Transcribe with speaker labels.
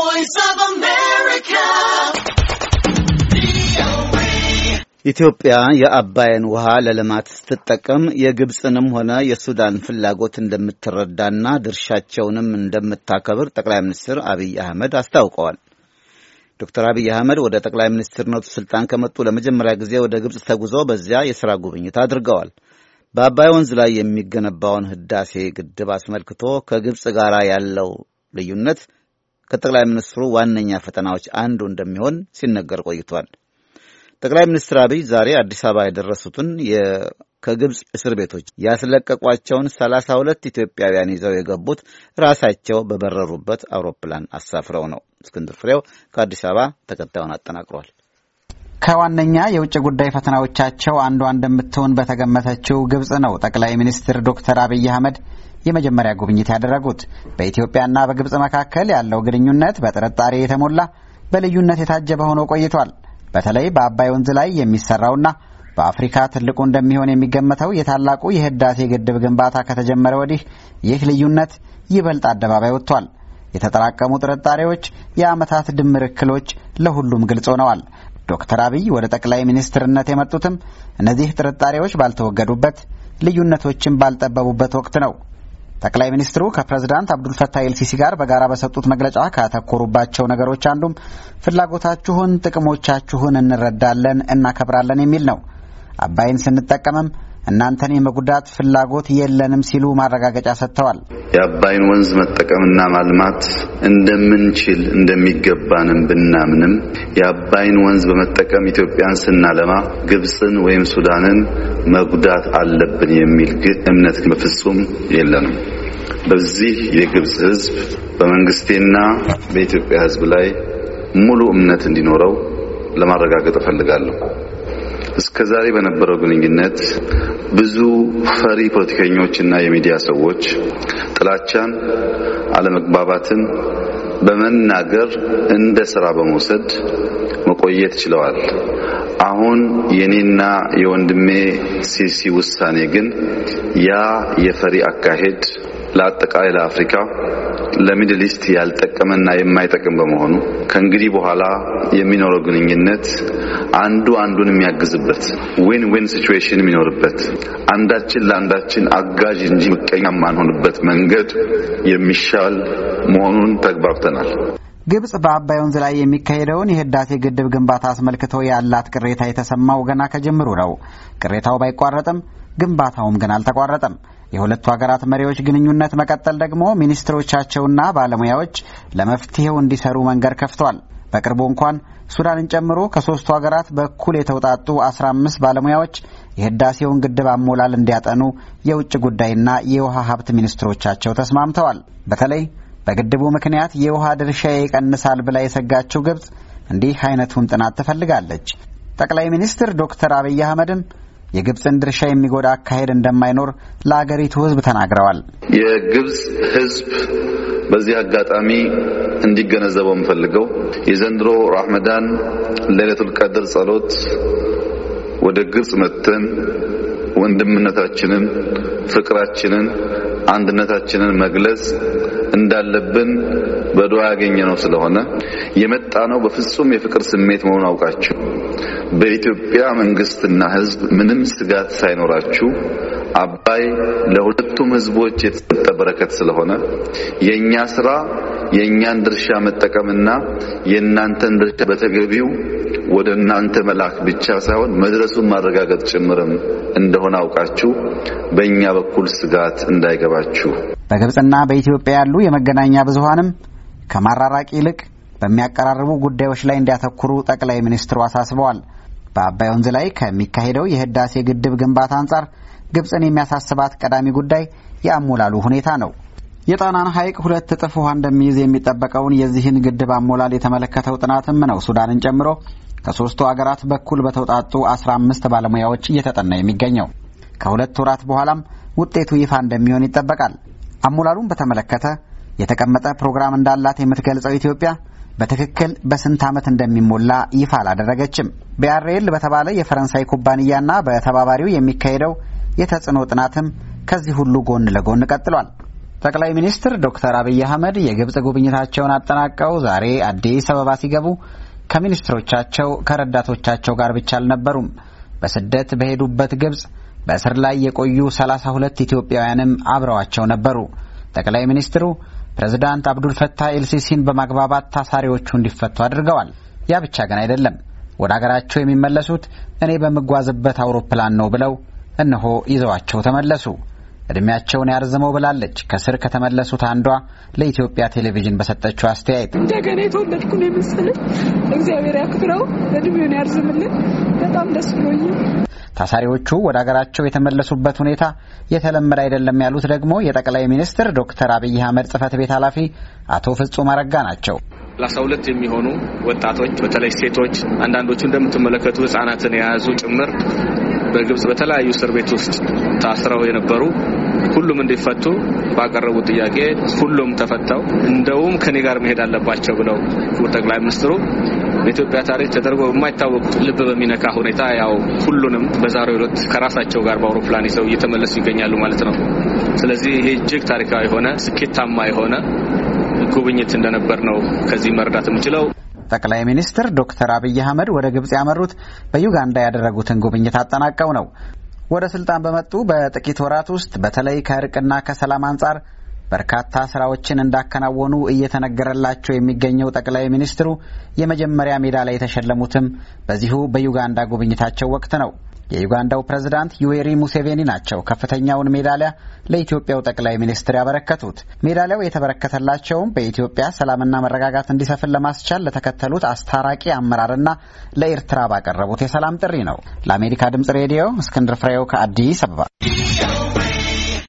Speaker 1: voice of America.
Speaker 2: ኢትዮጵያ የአባይን ውሃ ለልማት ስትጠቀም የግብፅንም ሆነ የሱዳን ፍላጎት እንደምትረዳና ድርሻቸውንም እንደምታከብር ጠቅላይ ሚኒስትር አብይ አህመድ አስታውቀዋል። ዶክተር አብይ አህመድ ወደ ጠቅላይ ሚኒስትርነቱ ስልጣን ከመጡ ለመጀመሪያ ጊዜ ወደ ግብፅ ተጉዘው በዚያ የሥራ ጉብኝት አድርገዋል። በአባይ ወንዝ ላይ የሚገነባውን ህዳሴ ግድብ አስመልክቶ ከግብፅ ጋር ያለው ልዩነት ከጠቅላይ ሚኒስትሩ ዋነኛ ፈተናዎች አንዱ እንደሚሆን ሲነገር ቆይቷል። ጠቅላይ ሚኒስትር አብይ ዛሬ አዲስ አበባ የደረሱትን ከግብፅ እስር ቤቶች ያስለቀቋቸውን ሰላሳ ሁለት ኢትዮጵያውያን ይዘው የገቡት ራሳቸው በበረሩበት አውሮፕላን አሳፍረው ነው። እስክንድር ፍሬው ከአዲስ አበባ ተከታዩን አጠናቅሯል።
Speaker 3: ከዋነኛ የውጭ ጉዳይ ፈተናዎቻቸው አንዷ እንደምትሆን በተገመተችው ግብፅ ነው ጠቅላይ ሚኒስትር ዶክተር አብይ አህመድ የመጀመሪያ ጉብኝት ያደረጉት። በኢትዮጵያና በግብፅ መካከል ያለው ግንኙነት በጥርጣሬ የተሞላ በልዩነት የታጀበ ሆኖ ቆይቷል። በተለይ በአባይ ወንዝ ላይ የሚሰራውና በአፍሪካ ትልቁ እንደሚሆን የሚገመተው የታላቁ የህዳሴ ግድብ ግንባታ ከተጀመረ ወዲህ ይህ ልዩነት ይበልጥ አደባባይ ወጥቷል። የተጠራቀሙ ጥርጣሬዎች፣ የዓመታት ድምር እክሎች ለሁሉም ግልጽ ሆነዋል። ዶክተር አብይ ወደ ጠቅላይ ሚኒስትርነት የመጡትም እነዚህ ጥርጣሬዎች ባልተወገዱበት ልዩነቶችን ባልጠበቡበት ወቅት ነው። ጠቅላይ ሚኒስትሩ ከፕሬዝዳንት አብዱልፈታህ ኤልሲሲ ጋር በጋራ በሰጡት መግለጫ ካተኮሩባቸው ነገሮች አንዱም ፍላጎታችሁን፣ ጥቅሞቻችሁን እንረዳለን፣ እናከብራለን የሚል ነው። አባይን ስንጠቀምም እናንተን የመጉዳት ፍላጎት የለንም ሲሉ ማረጋገጫ ሰጥተዋል።
Speaker 1: የአባይን ወንዝ መጠቀምና ማልማት እንደምንችል እንደሚገባንም ብናምንም የአባይን ወንዝ በመጠቀም ኢትዮጵያን ስናለማ ግብፅን ወይም ሱዳንን መጉዳት አለብን የሚል እምነት በፍጹም የለንም። በዚህ የግብፅ ሕዝብ በመንግስቴና በኢትዮጵያ ሕዝብ ላይ ሙሉ እምነት እንዲኖረው ለማረጋገጥ እፈልጋለሁ። እስከ ዛሬ በነበረው ግንኙነት ብዙ ፈሪ ፖለቲከኞች እና የሚዲያ ሰዎች ጥላቻን፣ አለመግባባትን በመናገር እንደ ስራ በመውሰድ መቆየት ችለዋል። አሁን የኔና የወንድሜ ሲሲ ውሳኔ ግን ያ የፈሪ አካሄድ ለአጠቃላይ ለአፍሪካ ለሚድል ኢስት ያልጠቀመና የማይጠቅም በመሆኑ ከእንግዲህ በኋላ የሚኖረው ግንኙነት አንዱ አንዱን የሚያግዝበት ዊን ዊን ሲትዌሽን የሚኖርበት አንዳችን ለአንዳችን አጋዥ እንጂ ምቀኛ የማንሆንበት መንገድ የሚሻል መሆኑን ተግባብተናል።
Speaker 3: ግብጽ በአባይ ወንዝ ላይ የሚካሄደውን የህዳሴ ግድብ ግንባታ አስመልክቶ ያላት ቅሬታ የተሰማው ገና ከጀምሩ ነው። ቅሬታው ባይቋረጥም ግንባታውም ግን አልተቋረጠም። የሁለቱ ሀገራት መሪዎች ግንኙነት መቀጠል ደግሞ ሚኒስትሮቻቸውና ባለሙያዎች ለመፍትሄው እንዲሰሩ መንገድ ከፍቷል። በቅርቡ እንኳን ሱዳንን ጨምሮ ከሶስቱ ሀገራት በኩል የተውጣጡ አስራ አምስት ባለሙያዎች የህዳሴውን ግድብ አሞላል እንዲያጠኑ የውጭ ጉዳይና የውሃ ሀብት ሚኒስትሮቻቸው ተስማምተዋል። በተለይ በግድቡ ምክንያት የውሃ ድርሻ ይቀንሳል ብላ የሰጋችው ግብጽ እንዲህ አይነቱን ጥናት ትፈልጋለች። ጠቅላይ ሚኒስትር ዶክተር አብይ አህመድም የግብፅን ድርሻ የሚጎዳ አካሄድ እንደማይኖር ለአገሪቱ ሕዝብ ተናግረዋል።
Speaker 1: የግብፅ ሕዝብ በዚህ አጋጣሚ እንዲገነዘበው የምፈልገው የዘንድሮ ራመዳን ሌለቱል ቀድር ጸሎት ወደ ግብፅ መጥተን ወንድምነታችንን፣ ፍቅራችንን፣ አንድነታችንን መግለጽ እንዳለብን በዱዓ ያገኘ ነው ስለሆነ የመጣ ነው በፍጹም የፍቅር ስሜት መሆኑን አውቃችሁ በኢትዮጵያ መንግስትና ህዝብ ምንም ስጋት ሳይኖራችሁ አባይ ለሁለቱም ህዝቦች የተሰጠ በረከት ስለሆነ የኛ ስራ የእኛን ድርሻ መጠቀምና የእናንተን ድርሻ በተገቢው ወደ እናንተ መላክ ብቻ ሳይሆን መድረሱን ማረጋገጥ ጭምርም እንደሆነ አውቃችሁ በእኛ በኩል ስጋት እንዳይገባችሁ።
Speaker 3: በግብፅና በኢትዮጵያ ያሉ የመገናኛ ብዙሃንም ከማራራቅ ይልቅ በሚያቀራርቡ ጉዳዮች ላይ እንዲያተኩሩ ጠቅላይ ሚኒስትሩ አሳስበዋል። በአባይ ወንዝ ላይ ከሚካሄደው የህዳሴ ግድብ ግንባታ አንጻር ግብፅን የሚያሳስባት ቀዳሚ ጉዳይ የአሞላሉ ሁኔታ ነው። የጣናን ሐይቅ ሁለት እጥፍ ውሃ እንደሚይዝ የሚጠበቀውን የዚህን ግድብ አሞላል የተመለከተው ጥናትም ነው ሱዳንን ጨምሮ ከሶስቱ አገራት በኩል በተውጣጡ አስራ አምስት ባለሙያዎች እየተጠና የሚገኘው። ከሁለት ወራት በኋላም ውጤቱ ይፋ እንደሚሆን ይጠበቃል። አሞላሉን በተመለከተ የተቀመጠ ፕሮግራም እንዳላት የምትገልጸው ኢትዮጵያ በትክክል በስንት ዓመት እንደሚሞላ ይፋ አላደረገችም። ቢአርኤል በተባለ የፈረንሳይ ኩባንያና በተባባሪው የሚካሄደው የተጽዕኖ ጥናትም ከዚህ ሁሉ ጎን ለጎን ቀጥሏል። ጠቅላይ ሚኒስትር ዶክተር አብይ አህመድ የግብፅ ጉብኝታቸውን አጠናቀው ዛሬ አዲስ አበባ ሲገቡ ከሚኒስትሮቻቸው ከረዳቶቻቸው ጋር ብቻ አልነበሩም። በስደት በሄዱበት ግብፅ በእስር ላይ የቆዩ 32 ሁለት ኢትዮጵያውያንም አብረዋቸው ነበሩ። ጠቅላይ ሚኒስትሩ ፕሬዝዳንት አብዱልፈታ ኤልሲሲን በማግባባት ታሳሪዎቹ እንዲፈቱ አድርገዋል። ያ ብቻ ግን አይደለም። ወደ አገራቸው የሚመለሱት እኔ በምጓዝበት አውሮፕላን ነው ብለው እነሆ ይዘዋቸው ተመለሱ። እድሜያቸውን ያርዝመው ብላለች። ከስር ከተመለሱት አንዷ ለኢትዮጵያ ቴሌቪዥን በሰጠችው አስተያየት እንደገና የተወለድኩ ነው የመሰለኝ። እግዚአብሔር ያክብረው፣ እድሜውን ያርዝምልን። በጣም ደስ ብሎኝ ታሳሪዎቹ ወደ አገራቸው የተመለሱበት ሁኔታ የተለመደ አይደለም ያሉት ደግሞ የጠቅላይ ሚኒስትር ዶክተር አብይ አህመድ ጽህፈት ቤት ኃላፊ አቶ ፍጹም አረጋ ናቸው።
Speaker 2: ሰላሳ ሁለት የሚሆኑ ወጣቶች በተለይ ሴቶች፣ አንዳንዶቹ እንደምትመለከቱ ህጻናትን የያዙ ጭምር በግብጽ በተለያዩ እስር ቤት ውስጥ ታስረው የነበሩ ሁሉም እንዲፈቱ ባቀረቡት ጥያቄ ሁሉም ተፈተው እንደውም ከኔ ጋር መሄድ አለባቸው ብለው ክቡር ጠቅላይ ሚኒስትሩ በኢትዮጵያ ታሪክ ተደርጎ በማይታወቅ ልብ በሚነካ ሁኔታ ያው ሁሉንም በዛሬው ዕለት ከራሳቸው ጋር በአውሮፕላን ይዘው እየተመለሱ ይገኛሉ ማለት ነው። ስለዚህ ይሄ እጅግ ታሪካዊ የሆነ ስኬታማ የሆነ ጉብኝት እንደነበር ነው ከዚህ መረዳት የምችለው።
Speaker 3: ጠቅላይ ሚኒስትር ዶክተር አብይ አህመድ ወደ ግብጽ ያመሩት በዩጋንዳ ያደረጉትን ጉብኝት አጠናቀው ነው። ወደ ስልጣን በመጡ በጥቂት ወራት ውስጥ በተለይ ከእርቅና ከሰላም አንጻር በርካታ ስራዎችን እንዳከናወኑ እየተነገረላቸው የሚገኘው ጠቅላይ ሚኒስትሩ የመጀመሪያ ሜዳ ላይ የተሸለሙትም በዚሁ በዩጋንዳ ጉብኝታቸው ወቅት ነው። የዩጋንዳው ፕሬዝዳንት ዩዌሪ ሙሴቬኒ ናቸው ከፍተኛውን ሜዳሊያ ለኢትዮጵያው ጠቅላይ ሚኒስትር ያበረከቱት። ሜዳሊያው የተበረከተላቸውም በኢትዮጵያ ሰላምና መረጋጋት እንዲሰፍን ለማስቻል ለተከተሉት አስታራቂ አመራርና ለኤርትራ ባቀረቡት የሰላም ጥሪ ነው። ለአሜሪካ ድምጽ ሬዲዮ እስክንድር ፍሬው ከአዲስ አበባ